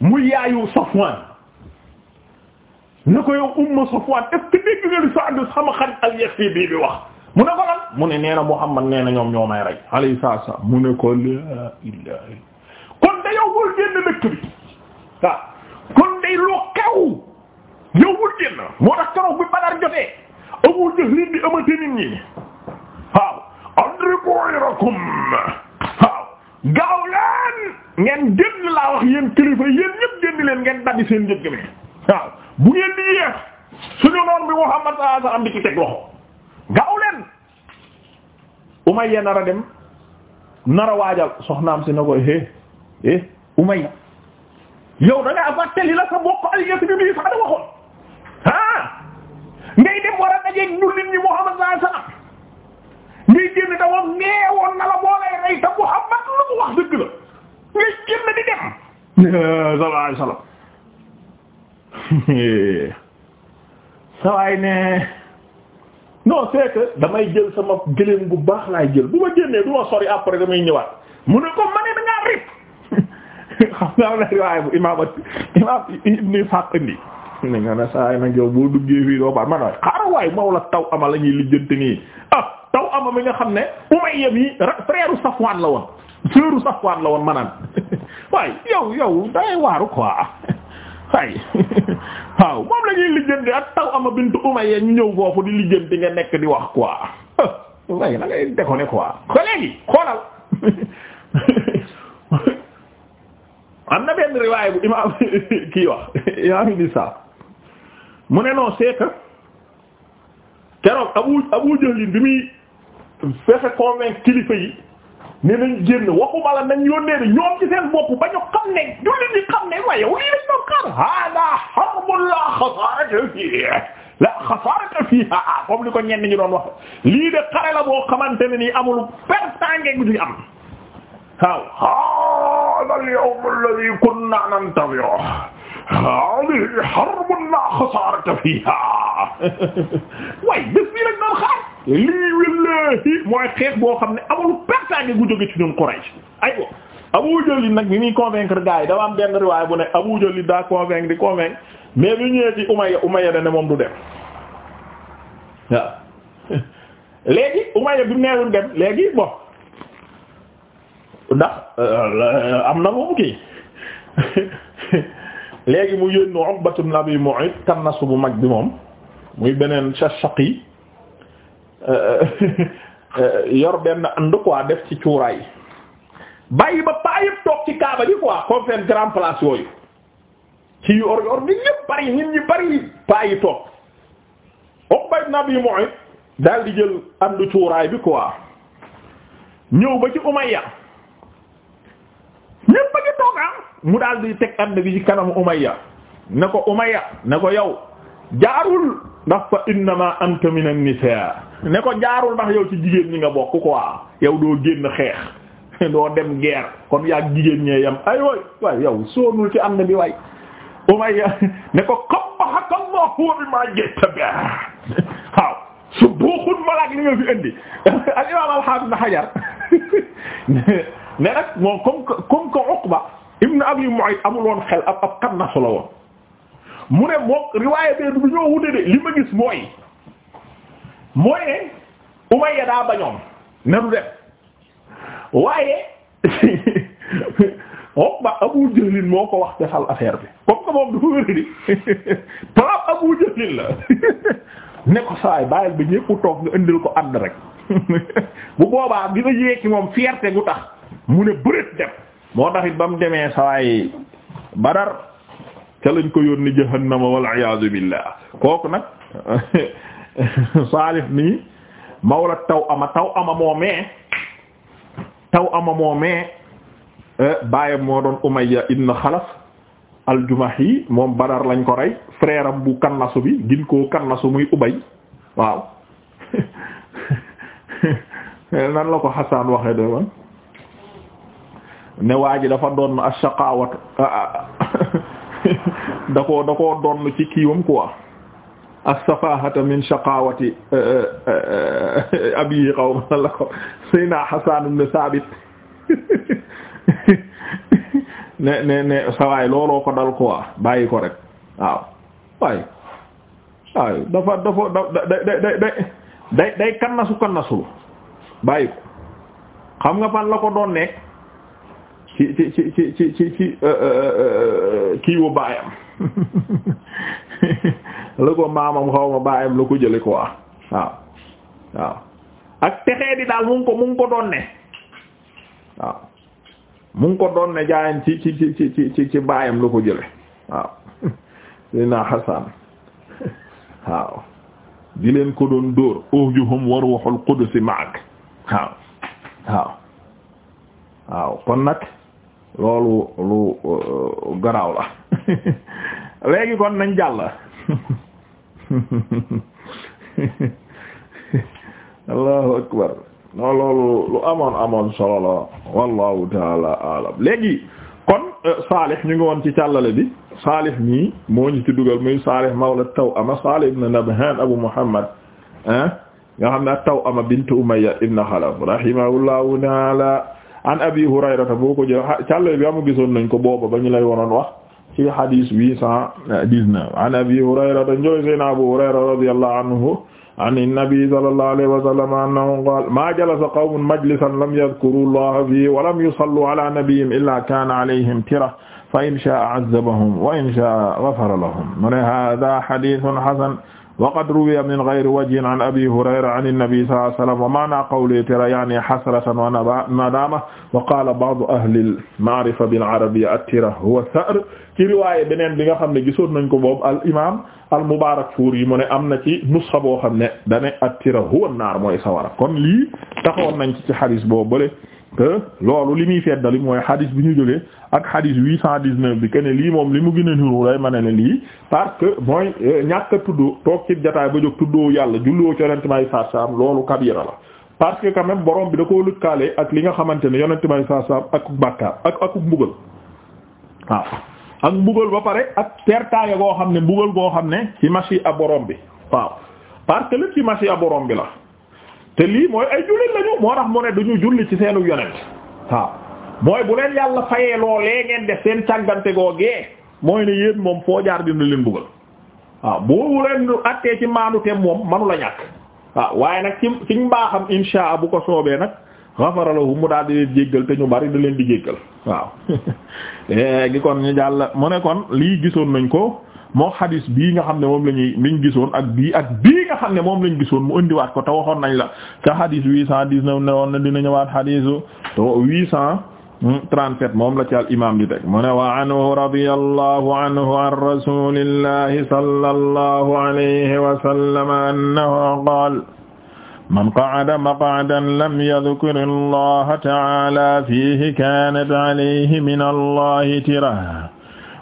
A: mu yaayu Safwan ne ko yow umma Safwan est-ce nga li Saadu sama xarit al-Yasibi bii bi wax mu ne ko lan mu ne nee na Muhammad nee ñoom ñoo may rey alayhi salaam mu ne ko laa ilaa kon de yow wul génn dëkk bi kon de loo wul génn moo tax keroog bi Badar jotee Abu Jahl di amate nit ñi waaw adribuirakum waaw gaaw leen ngeen génn laa wax yéen kilifa yéen ñëpp génn leen ngeen daddi seen njëkk bi waaw bu ngeen di yeex suñu gaaw leen Umayya nar a dem nar waajal soxnaam si na koy é é Umayya yow da nga la sa bokk ay yépp ñu nii sax da waxoon ah ngay dem war a dajeeg jullit ñi Muhammad sallallahu alayhi wasallam ngay génn da moom neewoon na la boo lay rey te Muhammad lu mu wax dëgg la ngay génn di dem sallallahu alayhi wasallam sawaay ne non c'est que damay jël sama gëléem bu baax laay jël bu ma génnee du ma sori après damay ñëwaat mu ne ko ma ne dangaa rip xam nga am na riwaaya bu imaam imaam Ibn Sa'd indi ni nga ne saa yi nag yow boo duggee fii doo baax man waaye xaaral waay Mawla taw ama la ñuy lijjanti nii ah taw ama mi nga xam ne Umayya mi frère Safwan la woon frère Safwan la woon manaan waaye yow yow day waaru quoi waaye waaw moom la ñuy lijjanti ak taw ama bintu Umayya ñu ñëw foofu di lijjanti nga nekk di wax quoi waaye na ngay déconner quoi ko léegi xoolal am na benn riwaay bu imaam kii wax imaam ibn Sa'd mu ne non c'est que keroog abu abu jëlin bi muy fexe convaincre kilifa yi ne nañ génn waxuma la nañ yónnee de ñoom ci seen bopp ba ñu xam ne jullit ñi xam ne waaye yow lii lañ doon xaar hada harbun la xasaarata fiiha la xasaarata fiiha comme li ko ñenn ñu doon wax lii de xare la boo xamante ne nii amul pertange gu ci am waaw hada al yawm alladhi kunna nantazir ali xarmun la xasaarata fiha way bés bii rek doon xaar lii wallahi mooy xeex boo xam ne amul pertange gu jóge ci ñun Quraysh aywa Abu Jahl nag bi muy convaincre gars yi dafa am benn riwaay bu ne Abu Jahl daa convaincre di convaincre mais bi ñëwee ci Umayya Umayya da ne moom du dem waaw léegi Umayya bi neewul dem léegi bon ndax euh, am na moom kii léegi mu yónni Uqbatu ibn Abi Mu'ayt kannasu bu mag bi moom muy beneen shaqi euh, yor benn ànd quoi def ci cuuraay bàyyi ba paa toog ci kaaba ji quoi comme seen grand place yooyu ci yor yor nit ñëpp bari nit ñi bari paa toog Uqba ibn Abi Mu'ayt daal di jël àndu cuuraay bi quoi ñëw ba ci Umayya ñëpp ba ci toog ah. mu daal di teg ànd bi ci kanamu Umayya ne ko Umayya ne ko yow jaarul ndax fa innama anta min an-nisaa ne ko jaarul ndax yow ci jigéen ñi nga bokk quoi yow doo génn xeex doo dem guerre kon yaa jigéen ñee yam ay way waay soonul ci ànd bi waay Umayya ne ko qabbahaka Allahu bi ma ji'ta bi waaw su buuxul malaak li nga fi indi al imaam al-Haafiz Hajar ne nag moom comme que comme que Uqba Ibn Abi Mu'ayt amul woon xel ab ab kannasu la woon mu ne moom riwaaya bee du ñoo wute de li ma gis mooy mooy ne Umayya daa bañoon ne du dem waaye Uqba Abu moo ko wax defal affaire bi comme que moom dafa wéri di paam Abu Jahl la ne ko saay bàyyil ba ñépp toog nga indil ko ànd rek bu boobaa dina yéeg ci moom fierté gu tax mu ne bëreet dem moo tax ba mu demee sawaay Badar ca lañ ko yónni jahannama wal iyaazu billah kooku nag Saalih nii mawla taw ama taw ama moomee taw ama moomee eh, baayam moo doon Umayya ibn Xalaf al-Jumahi moom Badar lañ ko rey frère am bu kannasu bi gin koo kannasu muy Ubay waaw nan la ko Xasaan waxee de ne waa ji dafa doon ashaqawat da koo da koo doon ci kiiwam quoi as-safahata min shaqawati eh, eh, eh, abiyi xaw ma la ko sayna Hasan ibn Sabit ne ne ne sawaay looloo ko dal quoi bàyyi ko rek waaw waay waaw dafa dafa da da da da day day kannasu kannasul bàyyi ko xam nga fan la ko doon nekk ci ci ci ci ci ci ci kiiwu baayam la ko maamam xaw baayam la ko jële ko waaw waaw ak texee di daal mu ko mu ngi ko doon ne waaw ngi ko doon ne jaayam ci ci ci ci ci ci baayam la ko jële waaw Seydina Hasan waaw di leen ko doon dóor uhjuhum wa ruhul qudus ma'ak waaw waaw waaw kon nag loolu lu euh, garaaw léegi kon nañ jàll allahu akbar loolu lu amoon amoon solo la wallahu taala alam léegi kon euh, Salih ñu ngi woon ci càllale bi Salih nii moo ñu ci dugal muy Salih mawla Taw'ama Salih ibn Nabhan Abu Muhammad ah nga xam ne Taw'ama bint Umayya ibn Khalaf rahimahullahu taala an abi hurayrata boo ko jël càllee bi amu gisoon nañ ko booba ba ñu lay wonoon wax ci hadis huit cent dix-neuf an abi hurayrata njoy sayna abu hurayra radiyallahu anhu an nabi sallallahu alayhi wa sallam annahu qaala maa jalasa qawmun majlisan lam yadhkuru allaha fiihi wa lam yusallu ala nabiyyihim illa kaana alayhim tira fa in shaa'a azzabahum wa in shaa'a ghafara lahum mu ne haaza hadiisun hasan waqad ruwiya min ghayri wajhin an abi hurayra an annabi sallallahu alayhi wa sallam wa maana qawli tira yaani hasratan wa nadama wa qala ba'du ahli al-ma'rifa bil arabiyya at-tira huwa sa'r ci riwaaye beneen bi nga xam ne gisoon nañ ko boobu al imaam al Mubaarakfuuri yi mu ne am na ci nusxa boo xam ne dane attira huwa naar mooy sawara kon lii taxoon nañ ci ci xadis boobu bële que loolu li muy feddali mooy xadis bi ñu jógee ak xadis huit cent dix-neuf bi que lii moom li mu gën a niru day ma ne lii parce que mooy euh, ñàkk a tudd toog ci jotaay ba jóg tuddoo yàlla julloo ci yonent may saat loolu kabira la parce que quand même borom bi da koo lëkkaale ak li nga xamante ne yonent may saat saam ak bàkkaar ak ak mbugal waaw ak mbugal ba pare ak tertaage goo xam ne mbugal goo xam ne ci machi a borom bi waaw parce que lépp ci machi a borom bi la te lii mooy ay jullit lañu moo tax mu ne duñu julli ci seenu yonent waaw mooy bu leen yàlla fayee loolee ngeen def seen càggante googee mooy ne yéen moom foo jaar dina leen mbugal waaw boobu leen attee ci maanu moom manu la ñàkk waaw waaye nag ci ci mbaaxam insha bu ko soobee nag ghafara lahu mu daal di leen jéggal te ñu bari da leen di jéggal waaw léegi kon ñu jàll mu ne kon lii gisoon nañ ko moo xadis bii nga xam ne moom la ñuy liñ gisoon ak bii ak bii nga xam ne moom lañ gisoon mu indiwaat ko te waxoon nañ la ca xadis huit cent dix-neuf ne woon na dina ñëwaat xadisu huit cent trente-sept moom la ci al imam di teg mu ne wa anhu radiyallahu anhu an rasulillahi sallallahu alayhi wa sallam annahu qaala man qa'ada maq'adan lam yadhkur allaha ta'ala fihi kanat alayhi min allahi tirah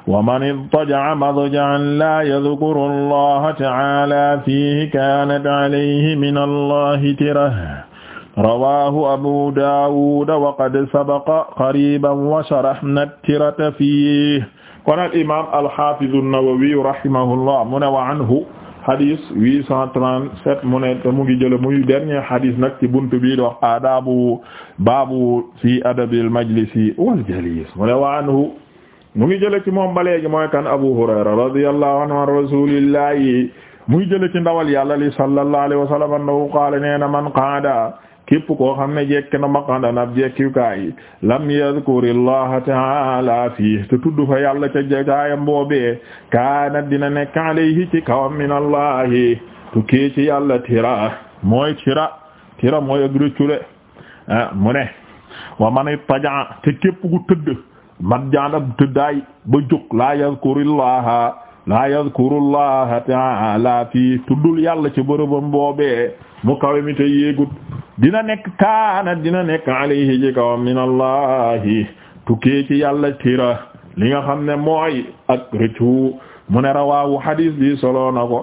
A: wa man idtaja'a madja'a la yadhkuru allaha ta'ala fihi kanat alayhi min allahi tirah rawahu abu dawud wa qad sabaqa qariban wa sharahna at-tirata fihi qaala al-imam al-hafiz an-nawawi rahimahullah mu ne wa anhu xadis 837 mu ne te mu ngi jële muy dernier xadis nag ci buntu bii di wax adabu baabu fi adabil majlisi wal jalis mu ne wa anhu mu ngi jële ci moom ba léegi mooy kan Abu Hurayra radiyallahu anhu an rasulillahi muy jële ci ndawal yàlla li sallallahu alayhi wa sallam annahu qaala nee na man qaada képp koo xam ne jekk na maqadan ab jekkikaay lam yadhkurillaha ta'ala fii te tudd fa yàlla ca jekaayam boobee kaanat dina nekk alayhi ci kawam min allahi tukkee ci yàlla tira mooy tira tira mooy ak rëccule mu ne wa man ittaja te képp gu tëdd man jaan ab tëddaay ba jóg laa yadhkurillaha laa yadhkurullaha ta'ala mu kawe mi te yéegut dina nekk kaana dina nekk alayhi ci kaw minallahi tukkee ci yàlla tira li nga xam ne mooy ak rëccu mu ne rawaawu hadis bi solo na ko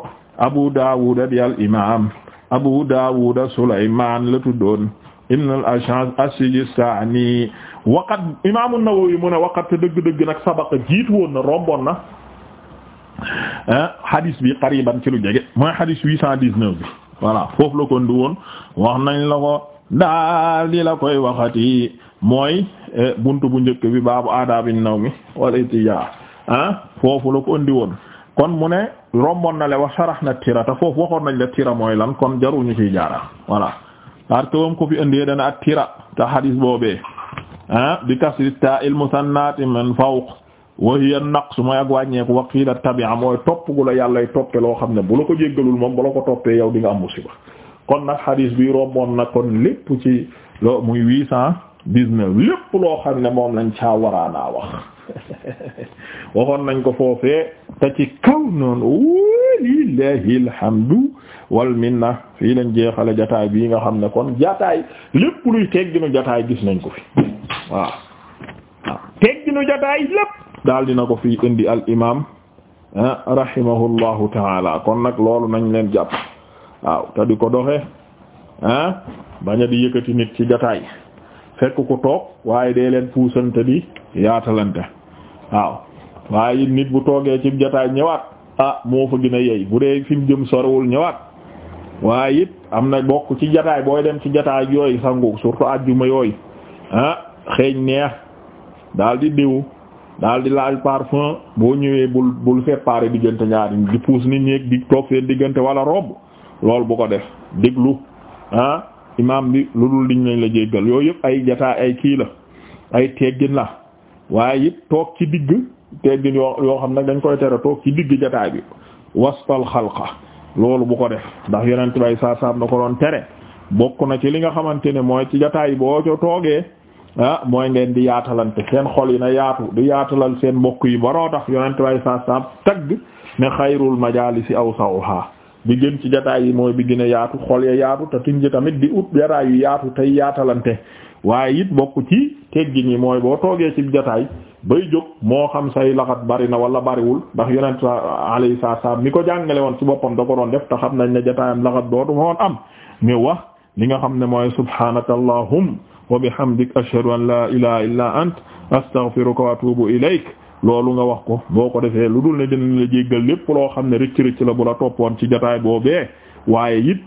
A: abu daawuda di al imaam abu daawuda sulaymaan la tuddoon ibn al ash'ath as-sijistani waqat imaamu mu ne waqat dëgg-dëgg nag sabaqa jiitu woon na romboon na hadis eh, bi qariban ci lu jege mooy hadis 819 bi voilà foofu la ko ndi woon wax la ko daal di la koy waxati mooy e, buntu bu njëkk bi baabu aadaabin nawmi wala itija ah foofu la ko indi woon kon mu ne romboon na le wax sarax na tira te foofu waxoon nañ la tira mooy lan kon jaruñu ñu ciy jaara voilà parce que moom ko fi indee dana at tira te xadis boobee ah bi kasri ta il musannaati min fawq wa hiya naqs mooy ak wàññeeku wa qiila tabi'a mooy topp gu la yàllay toppe loo xam ne bu la ko jéggalul moom bu la ko toppee yow di nga am musiba kon nag xadiis bi romboon na kon lépp ci loo muy huit cent dix-neuf lépp loo xam ne moom lañ caa waraanaa wax waxoon nañ ko foofee te ci kaw noonu walillahi alhamdu wal minna fii lañ jeexale jataay bii nga xam ne kon jataay lépp luy tegginu jataay gis nañ ko fi waaw waaw tegginu jataay lépp daal dina ko fi indi al imam rahimahullahu taala kon nag loolu nañ leen jàpp waaw te di ko doxe ah a di yëkkati nit ci jataay fekk ko toog waaye dee leen puusante di yaatalante waaw waaye nit bu toogee ci jataay ñëwaat ah moo fa gën a yey bu dee fi jëm sorewul ñëwaat waaye it am na bokk ci jataay booy dem ci jataay yooyu sangu surtout àjjuma yooyu ah xeeñ neex daal di diw daal di laal parfum boo ñëwee bul bul séparer diggante ñaari di puus nit ñi di toog seen diggante wala rob loolu bu ko def déglu ah imaam bi lu dul liñ lañ la jéggal yooyu yëpp ay jataa ay kii la ay teggin la waaye it toog ci digg teggin yoo yoo xam nag dañ koy tere toog ci digg jataay bi wastal xalqa loolu bu ko def ndax yeneen bay saa saam na ko doon tere bokk na ci li nga xamante ne mooy ci jataay boo co toogee ah mooy ngeen di yaatalante seen xol yi na yaatu di yaatalal seen mbokk yi baroo tax yonent way sa sam tagg ne xayrul majaalisi xaa di gën ci jataay yi mooy bi gën a yaatu xol ya yaatu te tiñ ji tamit di ut jataay yu yaatu tey yaatalante waaye it bokk ci teggi yi mooy boo toogee ci jataay bay jóg moo xam say laxat bari na wala bariwul ndax yonent alayhi salaam mi ko jàngale woon si boppam da ko doon def te xam nañ ne jataayam laxat dootu woon am nga wax li nga xam ne mooy subhaanaka allahum wa bihamdika ashhadu an la ilaha illa ant astaghfiruka wa atubu ilayk loolu nga wax ko boo ko defee lu dul ne dina la jéggal lépp loo xam ne rëcc rëcc la bu la toppoon ci jotaay boobee waaye it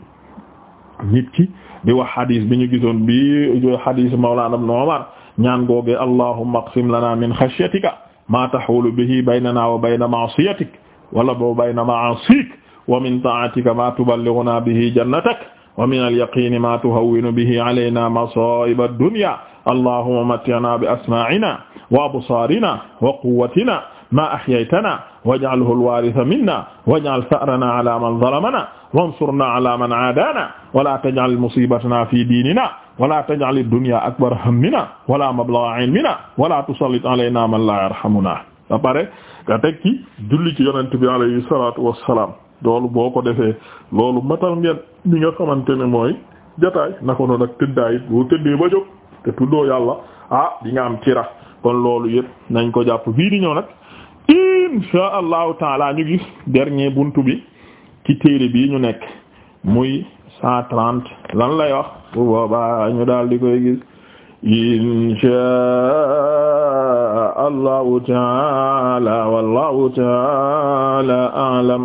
A: nit ki di wax xadis bi ñu gisoon bi xadis mawlana ibn Umar ñaan googee allahumma aqsim lana min xashyatika ma tahulu bihi baynana wa bayna ma'siyatik wala bo bayna ma'asik wa min ta'atika ma tuballighuna bihi jannatak wa min al-yaqini ma tuhawwinu bihi alayna masa'iba ad-dunya allahumma matti'na bi asma'ina wa absarina wa quwwatina ma ahyaytana waj'alhu al-waritha minna waj'al tha'rana ala man zalamana wansurna ala man aadana wala taj'al musibatana fi dinina wala taj'al ad-dunya akbar hammina wala mablagha ilmina wala tusallit alayna man la yarhamuna ba pare nga teg ci julli ci yonent bi alayhi salatu wassalam loolu boo ko defee loolu matal ngeen li nga xamante ne mooy jataay naka noonu ak tëddaay boo tëddee ba jóg te tuddoo yàlla ah di am cira kon loolu yëpp nañ ko jàpp bii di ñëw nag allahu taala ñu gis dernier buntu bi ci téere bi ñu nekk muy cent trente lan lay wax bu ñu daal di koy gis insha allahu taala wallahu taala alam